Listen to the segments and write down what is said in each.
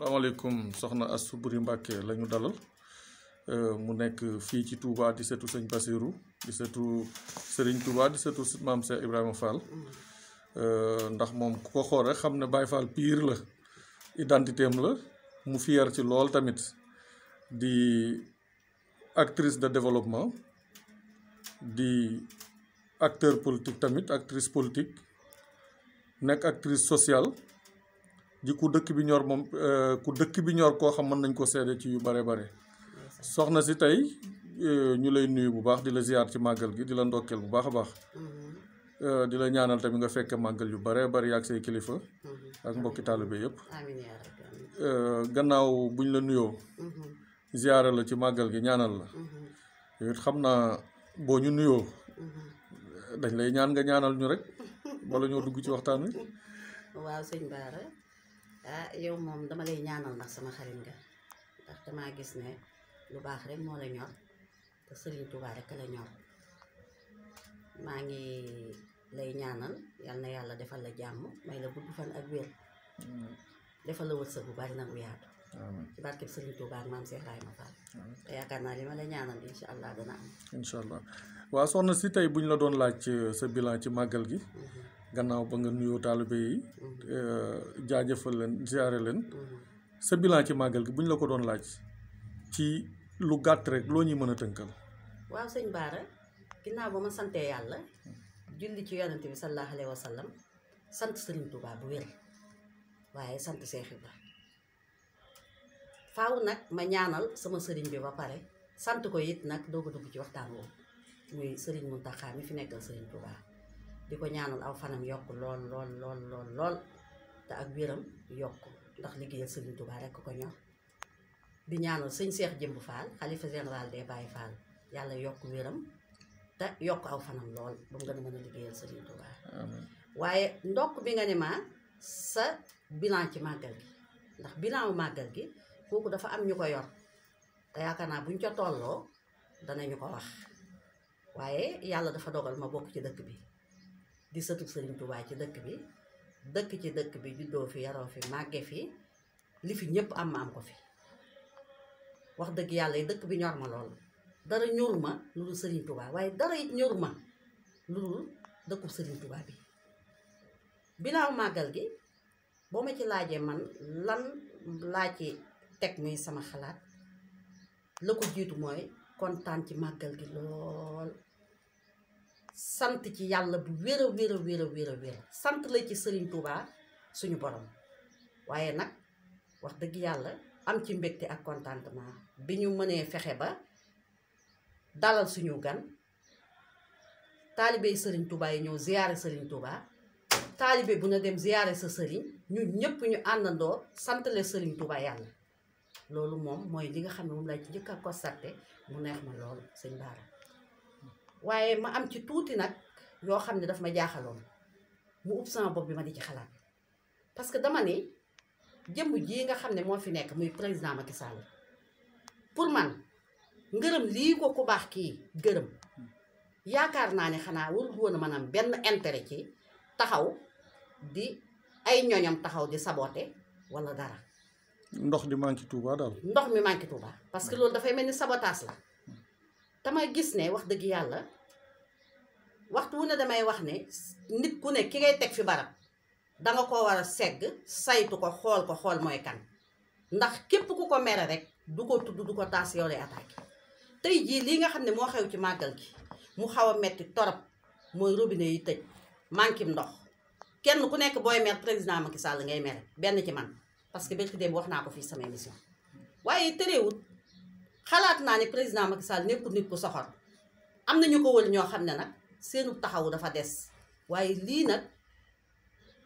salaamaaleykum soxna Astou Boury Mbacké la ñu dalal euh, mu nekk fii ci Touba di setu sëñ Basirou di setu Serigne Touba di setu maam Cheikh Ibrahima Fall euh, ndax moom ku ko xool rek xam ne Baye Fall piir la identité am la mu fier ci lool tamit di actrice de développement di acteur politique tamit actrice politique nekk actrice sociale. di ku dëkk bi ñor moom euh, ku dëkk bi ñor koo xam mën nañ koo seede ci yu bare bare soxna si tey euh, ñu lay nuyu bu baax di la ziar ci màggal gi di la ndokkeel bu baax a baax mm-hmm. euh, di la ñaanal tamit nga fekk màggal yu bare bari ak say kilifa mm-hmm. ak mbokki taalibe yëpp gannaaw buñ la nuyoo mm-hmm. ziara la ci màggal gi ñaanal la yow it xam naa boo ñu nuyoo dañ lay ñaan nga ñaanal ñu rek wala ñoo dugg ci waxtaan wi ah yow moom dama lay ñaanal ndax sama xarit nga ndax damaa gis ne lu baax rek moo la ñor te Sëriñ Tuubaa rek la ñor maa ngi lay ñaanal yal na yàlla defal la jàmm may la gudd fan ak wér defal la wërsëg bu bari nag bu yaatu ci barkeb Sëriñ Tuubaa maam Cheikh Ibrahima Fall te yaakaar naa li ma lay ñaanal incha allah dana am incha allah waaw soxna si tey bu ñu la doon laaj eh, sa bilan ci eh, màggal gi mm-hmm. gannaaw ba nga nuyoo taalibe yi mm-hmm. uh, jaajëfal leen mm-hmm. sa bilan ci màggal gi bu ñu la ko doon laaj ci lu gàtt rek loo ñuy mën a tënkal waaw sëñ Baara ginnaaw ba ma santee yàlla julli ci yonante bi sallallahu alayhi wa sant sëriñ Tuubaa bu wér waaye sant Seex Ibra faaw nag ma ñaanal sama sëriñ bi ba pare sant ko yit nag doo ko dugg ci waxtaan woowu muy sëriñ Muntaxa mi fi nekkal sëriñ Tuubaa di ko ñaanal aw fanam yokk lool lool lool lool lool te ak wéram yokk ndax liggéeyal Sëriñ Tuubaa rekk ko ñor di ñaanal sëñ Seex Jëmb Fall xalifa général des Baye Fall yàlla yokk wéram te yokk aw fanam lool ba mu gën a mën bi nga ne ma sa bilan ci màggal gi ndax bilan wu màggal gi kooku dafa am ñu ko yor te yaakaar naa buñ ca tolloo danañu ko wax waaye yàlla dafa dogal ma bokk ci dëkk bi di sëtu sëriñ Tuubaa ci dëkk bi dëkk ci dëkk bi juddoo fi yaroo fi màgge fi li fi ñëpp am ma am ko fi wax dëgg yàlla yi dëkk bi ñor ma lool dara ñor ma lu dul waaye dara it ñor ma lu dul dëkku sëriñ Tuubaa bi bilaaw màggal gi boo ma ci laajee man lan laa ci teg muy sama xalaat la ko jiitu mooy kontaan ci màggal gi lool sant ci yàlla bu wér a wér a sant la ci sëriñ Touba suñu borom waaye nag wax dëgg yàlla am ci mbégte ak contentement bi ñu mënee fexe ba dalal suñu gan taalibe sëriñ Touba yi ñëw ziyaare sëriñ Touba taalibe bu na dem ziyaare sa sëriñ ñu ñëpp ñu àndandoo santale sëriñ Touba yàlla loolu moom mooy li nga xam ne moom laa ci njëkk a constaté mu neex ma loolu sëñ Baara waaye ma am ci tuuti nag yoo xam ne daf ma jaaxaloon mu ub sama bopp bi ma di ci xalaat parce que dama ne jëmb jii nga xam ne moo fi nekk muy président Macky Sall pour man ngërëm lii ko ku baax kii gërëm yaakaar naa ne xanaa warul woon a benn intérêt ci taxaw di ay ñoñam taxaw di saboote wala dara. ndox di manqué Touba daal. ndox mi manqué Touba parce que loolu dafay mel ni sabotage la. dama gis ne wax dëgg yàlla. waxtu wu ne damay wax ne nit ku ne ki ngay teg fi barab danga ko war a segg saytu ko xool ko xool mooy kan ndax képp ku ko mere rek du ko tudd du ko taas yow lay attaqué tey jii lii nga xam ne moo xew ci màggal gi mu xaw a metti torop mooy robine yi tëj manqué ndox kenn ku nekk booy mer président Macky Sall ngay mere benn ci man parce que bërki démb wax naa ko fii sama émission waaye tëréewut xalaat naa ne président Macky Sall nekkul nit ku soxor am na ñu ñoo xam ne nag seenu taxaw dafa des waaye lii nag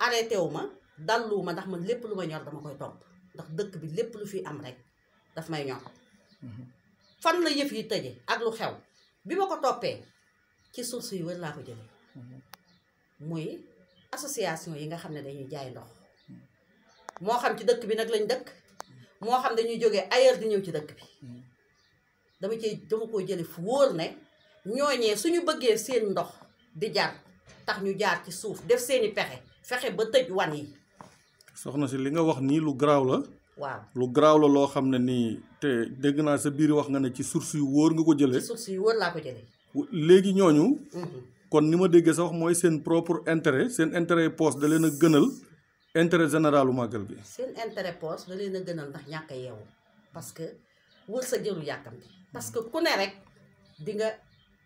arrêté wu ma dallu ma ndax man lépp lu ma ñor dama koy topp ndax dëkk bi lépp lu fi am rek daf may ñor mm-hmm. fan la yëf yi tëje ak lu xew bi ma ko toppee ci suuf yi wër laa ko jëlee mm-hmm. muy association yi nga xam ne dañuy jaay ndox mm-hmm. moo xam ci dëkk bi nag lañ dëkk moo xam dañuy jóge ailleurs di ñëw ci dëkk bi dama cee dama koo jële fu wóor ne ñooñee ñu bëggee seen ndox di jar tax ñu jaar ci suuf def seeni pexe fexe ba tëj wan yi soxna si li nga wax nii lu garaaw la waaw lu garaaw la loo xam ne nii te dégg naa sa biir wax nga ne ci source yu wóor nga ko jële source yu wóor laa ko jëlee léegi ñooñu mhm. kon ni ma déggee sa wax mooy seen propre intérêt seen intérêt poste da leen a gënal intérêt généralu màggal bi seen intérêt poste da leen a gënal ndax ñàkk yeewu parce que wër sa jëru yàkkamti parce que ku ne rek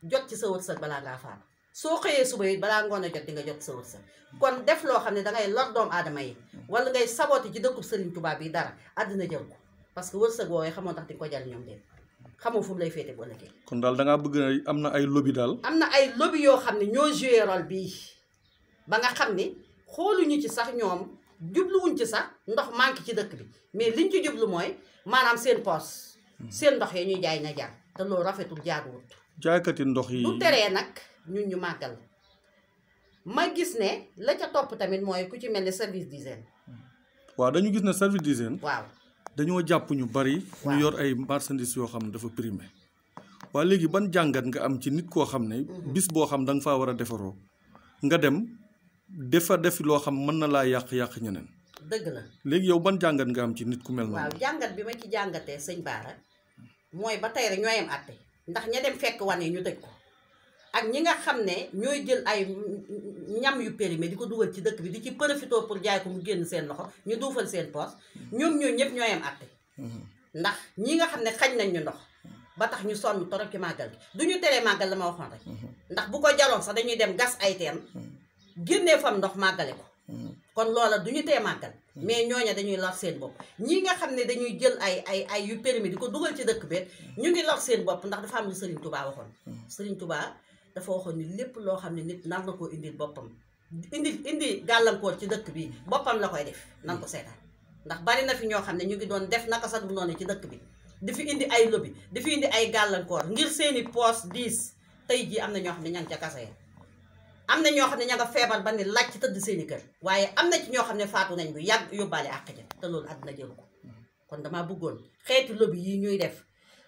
jot ci sa wërsëg balaa ngaa faatu soo xëyee suba yi balaa ngoon a jot di nga jot sa wërsëg kon def loo xam ne dangay lor doomu aadama yi wala ngay sabooti ci dëkkub Sëriñ Tuubaa bi dara àddina jël ko parce que wërsëg woowee xamoo tax di nga ko jël ñoom déet xamoo fu lay féete bu ëllëgee kon daal dangaa bëgg am na ay lobi daal am na ay lobi yoo xam ne ñoo joué rôle bii ba nga xam ne xooluñu ci sax ñoom jubluwuñ ci sax ndox manque ci dëkk bi mais li ci jublu mooy maanaam seen poos hmm. seen ndox yi ñuy jaay na jar te loolu rafetul jaaruwut jaaykati ndox yi du teree nag ñun ñu màggal ma gis ne la ca topp tamit mooy ku ci mel ni service d'hygiène waaw dañu gis ne service d'hygiène waaw dañoo jàpp ñu bari ñu yor ay marchandises yoo xam ne dafa primé waaw léegi ban jàngat nga am ci nit koo xam ne mhm. bis boo xam da nga faa war a defaroo nga dem defa def loo xam mën na laa yàq-yàq ñeneen dëgg la léegi yow ban jàngat nga am ci nit ku mel noonu waaw jàngat bi ma ci jàngatee sëñ Baara mooy ba tey rek ñooyam ndax ña dem fekk yi ñu tëj ko ak ñi nga xam ne ñooy jël ay ñam yu périmé di ko dugal ci dëkk bi di ci profité pour jaay ko mu génn seen loxo ñu duufal seen poos ñoom ñooñu ñëpp ñoo yem àtte ndax ñi nga xam ne xañ nañ ñu ndox ba tax ñu sonn torop ci màggal gi du ñu teree màggal la ma waxoon rek ndax bu ko jaroon sax dañuy dem gas ay teen génnee fam ndox màggale ko kon loola du ñu tee màggal mais ñooña dañuy lor seen bopp ñii nga xam ne dañuy jël ay ay ay yu permis di ko dugal ci dëkk beet ñu ngi lor seen bopp ndax dafa am lu Serigne Touba waxoon Serigne Touba dafa waxoon ni lépp loo xam ne nit nar na koo indil boppam indi indi gàllankoor ci dëkk bi boppam la koy def nan ko seetaan ndax bari na fi ñoo xam ne ñu ngi doon def na sax bu noonu ci dëkk bi di fi indi ay lobi di fi indi ay gàllankoor ngir seeni poos diis tey jii am na ñoo xam ne ña ca kasa am na ñoo xam ne ña nga feebar ba ni laaj ci tëdd seeni kër waaye am na ci ñoo xam ne faatu nañ bu yàgg yóbbaale àq te loolu àdduna jëlu ko kon damaa bëggoon xeeti lobby yi ñuy def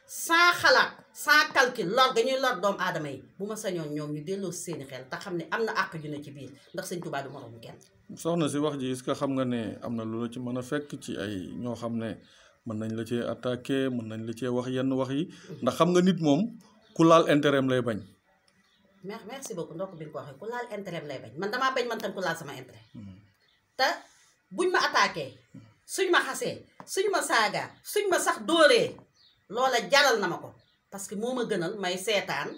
sans xalaat sans calcul lor ga ñuy lor doomu aadama yi bu ma sañoon ñoom ñu delloo seeni xel te xam ne am na àq ju ne ci biir ndax sëñ Tuubaa du moromu kenn soxna si wax ji est-ce xam nga ne am na lu la ci mën a fekk ci ay ñoo xam ne mën nañ la ci attaqué mën nañ la cee wax yenn wax yi mm-hmm. ndax xam nga nit moom ku laal intérêt am lay bañ merci beaucoup ndokk bi nga ko waxee ku laal intérêt lay bañ man damaa bañ man tam ku laal sama intérêt te buñ ma attaqué suñ ma xasee suñ ma saaga suñ ma sax dóoree loola jaral na ma ko parce que moo ma gënal may seetaan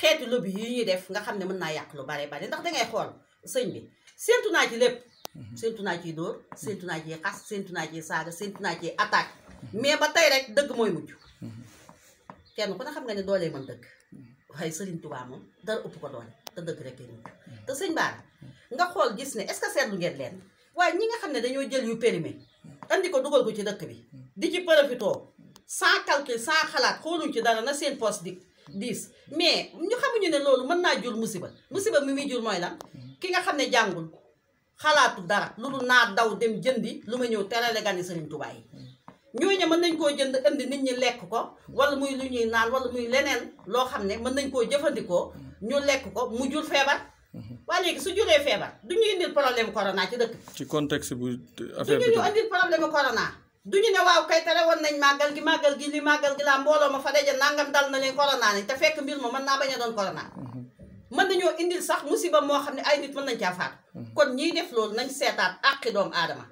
xeeti lobby yi ñuy def nga xam ne mën naa yàq lu bare bare ndax dangay xool sëñ bi séentu naa ci lépp mhm. séentu naa ciy dóor mhm. séentu naa ciy xas séentu naa ciy saaga séentu naa ciy attaque mhm. mais ba tey rek dëgg mooy mujj kenn ku ne xam nga ne doolee mën dëgg waaye Serigne Touba moom dara ëpp ko doole te dëgg rek ñu mm. te sëñ Ba nga xool gis ne est-ce que seetlu ngeen leen waaye ñi nga xam ne dañoo jël yu périmé andi ko dugal ko ci dëkk bi mm. di ci profitoo san calcul sans xalaat xooluñ ci dara na seen poste di diis mais ñu xamuñu ne loolu mën naa jur musiba musiba mu muy jur mooy lan mm. ki nga xam ne jàngul xalaatu dara lu dul naa daw dem jëndi lu ma ñëw terale gani Serigne tubaay ñooñu mën nañ koo jënd indi nit ñi lekk ko wala muy lu ñuy naan wala muy leneen loo xam ne mën nañ koo jëfandikoo ñu lekk ko mu jur feebar waa léegi su juree feebar du ñu indil problème corona ci dëkk ci contexte bu affaire bi du ñu indil du ñu ne waaw kay tere woon nañ màggal gi màggal gi li màggal gi laa mbooloo ma fa daje nangam dal na leen corona ni te fekk mbir ma mën naa bañ a doon corona mën nañoo indil sax musiba moo xam ne ay nit mën nañ caa faatu uhuh. kon ñiy def loolu nañ seetaat àqi doomu aadama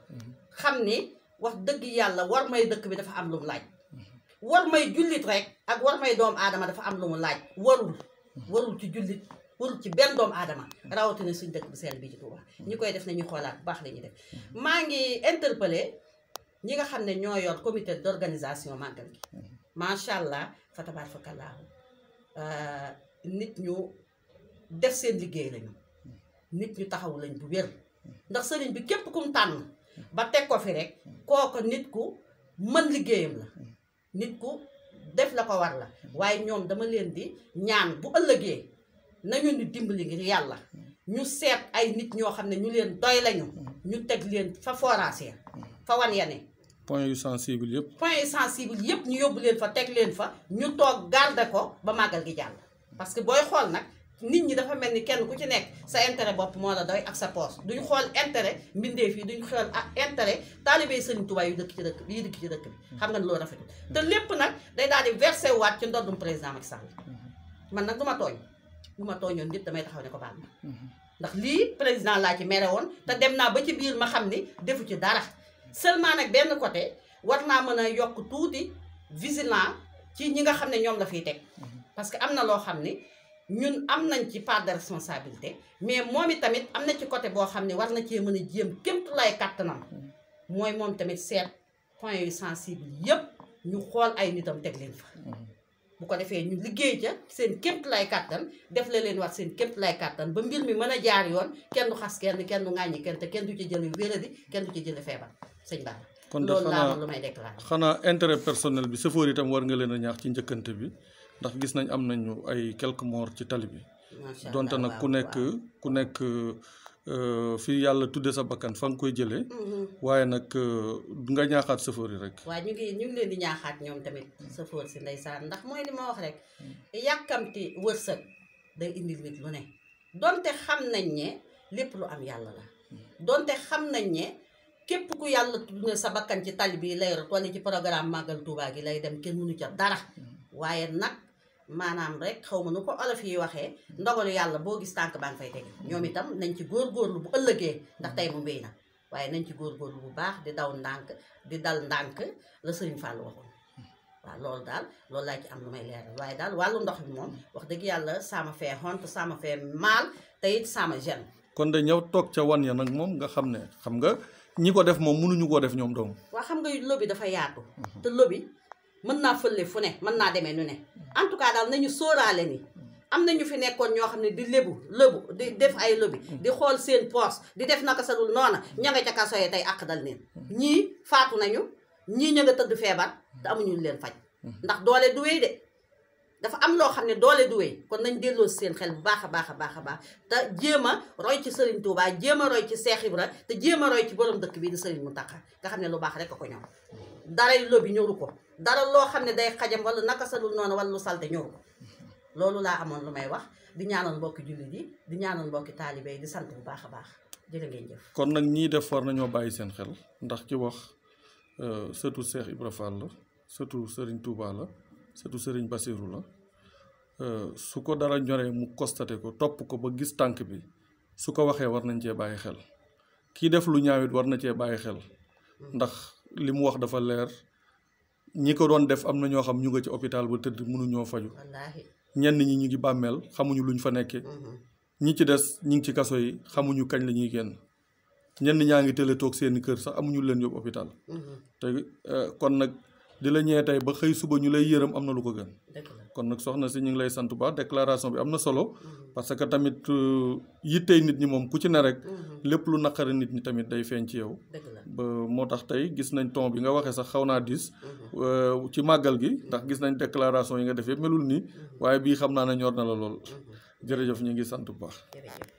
xam ni wax dëgg yàlla war may dëkk bi dafa am lu mu laaj war may jullit rek ak war may doom aadama dafa am lu mu laaj warul warul ci jullit warul ci benn doom aadama rawatina suñ dëkk bu sell bii ci Tuuba ñi koy def nañu xoolaat bu baax la ñuy def maa ngi interpellé ñi nga xam ne ñoo yor comité d'organisation màggal gi macha allah fa tabaarakallahu euh, nit ñu def seen liggéey lañu nit ñu taxaw lañ bu wér ndax sëriñ bi képp kum tànn ba teg ko fi rek kooku nit ku mën liggéeyam la nit ku def la ko war la waaye ñoom dama leen di ñaan bu ëllëgee nañu ni dimbali ngir yàlla ñu seet ay nit ñoo xam ne ñu leen doy lañu ñu teg leen fa forage fa wan ya ne point yu sensible yëpp point yëpp ñu yóbbu leen fa teg leen fa ñu toog garde ko ba màggal gi jàll parce que booy xool nag nit ñi dafa mel ni kenn ku ci nekk sa intérêt bopp moo la doy ak sa poos duñ xool intérêt mbindeef yi duñ xool ak ah intérêt taalibe sëriñ Tuubaa yu dëkk ci dëkk bi dëkk ci dëkk bi xam nga ne loolu rafetul te lépp nag day daal di versé waat ci ndoddum président Macky Sall man nag du ma tooñ du ma tooñoon nit damay taxaw ne ko baal ma ndax lii président laa ci mere woon te dem naa ba ci biir ma xam ni defu ci dara seulement nag benn côté war naa mën a yokk tuuti vigilant ci ñi nga xam ne ñoom la fiy teg que am na loo xam ni ñun am nañ ci part de responsabilité mais moom i tamit am na ci côté boo xam ne war na cee mën a jéem kém lay kàttanam mooy moom tamit seet point yu sensible yépp ñu xool ay nitam teg leen fa bu ko defee ñu liggéey ca seen kémtu lay kàttan def la leen war seen kémtu lay ba mbir mi mën a jaar yoon kenn du xas kenn kenn du ŋàññi kenn te kenn du ci jële wéradi kenn du ci jële feebar sëñ Ba kon de xanaa lu may déclaré xanaa intérêt personnel bi sëfoor itam war nga leen a ñaax ci njëkkante bi ndax gis nañ am nañu ay quelques morts ci tali bi donte na ku nekk ku euh, nekk fi yàlla tudde sa bakkan fa nga koy jëlee mm-hmm. waaye nag euh, nga ñaaxaat chauffeur yi rek waaye ñu ngi ñu ngi leen di ñaaxaat ñoom tamit chauffeur si ndeysaan ndax mooy li ma wax rek yàkkamti wërsëg day indi nit lu ne donte xam nañ ne lépp lu am yàlla la donte xam nañ ne képp ku yàlla tudd sa bakkan ci tali bi lay rot wala ci programme màggal Tuubaa gi lay dem kenn mënu ca dara mm-hmm. waaye nag maanaam rek xaw ma nu ko olof yi waxee ndogalu yàlla boo gis tànk baa ngi fay tege ñoom itam nañ ci góor góorlu bu ëllëgee ndax tey mu mbéy na waaye nañ ci góor góorgóorlu bu baax di daw ndànk di dal ndànk la Sëriñ Fall waxoon waaw loolu daal loolu laa ci am lu may leeral waaye daal wàllu ndox bi moom wax dëgg yàlla saama fee xont sama fee maal te saama sama gene kon de ñëw toog ca wan ya nag moom nga xam ne xam nga ñi ko def moom mënuñu koo def ñoom doom waaw xam nga lobi dafa yaatu te mën naa fu ne mën naa demee nu ne en tout cas daal nañu sooraale ni am na ñu fi nekkoon ñoo xam ne di lébu lébu di def ay lëbi di xool seen poos di def naka sa dul noona ña nga ca kaso tey àq dal neen ñii faatu nañu ñii ña nga tëdd feebar te amuñu leen faj ndax doole du de dafa am loo xam ne doole du wéy kon nañ delloo seen xel bu baax a baax a baax a te jéem a roy ci Serigne Touba jéem a roy ci Cheikh rek te jéem a roy ci borom dëkk bii di Serigne Mountakha nga xam ne lu baax rek a ko ñoom daray lëbi ñoru ko dara loo xam ne day xajam wala naka sadul noonu wala lu salte ñëw ko loolu laa amoon lu may wax di ñaanoon mbokki jullit yi di ñaanoon mbokki taalibe yi di sant bu baax a baax kon nag ñii def war nañoo bàyyi seen xel ndax ki wax euh, sëtu Cheikh Ibra Fall la sëtu Serigne Touba la sëtu Serigne Bassirou la euh, su ko dara ñoree mu constaté ko topp ko ba gis tànk bi su ko waxee war nañ cee bàyyi xel kii def lu ñaawit war na cee bàyyi xel mm. ndax li mu wax dafa leer. ñi ko doon def am na ñoo xam ñu nga ci hôpital ba tëdd mënuñoo faju ñenn ñi ñu ngi bàmmeel xamuñu luñ fa nekke mm-hmm. ñi ci des ñi ngi ci kaso yi xamuñu kañ la ñuy génn ñenn ñaa ngi tële toog seen kër sax amuñu leen yóbbu hôpital. Mm-hmm. te eh, kon nag di la ñee tey ba xëy suba ñu lay yërëm am na lu ko gën kon nag soxna si ñu ngi lay sant baax déclaration bi am na solo mm-hmm. parce que tamit euh, yittey nit ñi moom ku ci ne rek mm-hmm. lépp lu naqari nit ñi tamit day feeñ ci yow ba moo tax tey gis nañ ton bi nga waxee sax xaw naa dis mm-hmm. euh, ci màggal gi ndax gis nañ déclaration yi nga def yëpp melul nii waaye bii xam naa ne ñor na la lool jërëjëf ñu ngi sant bu baax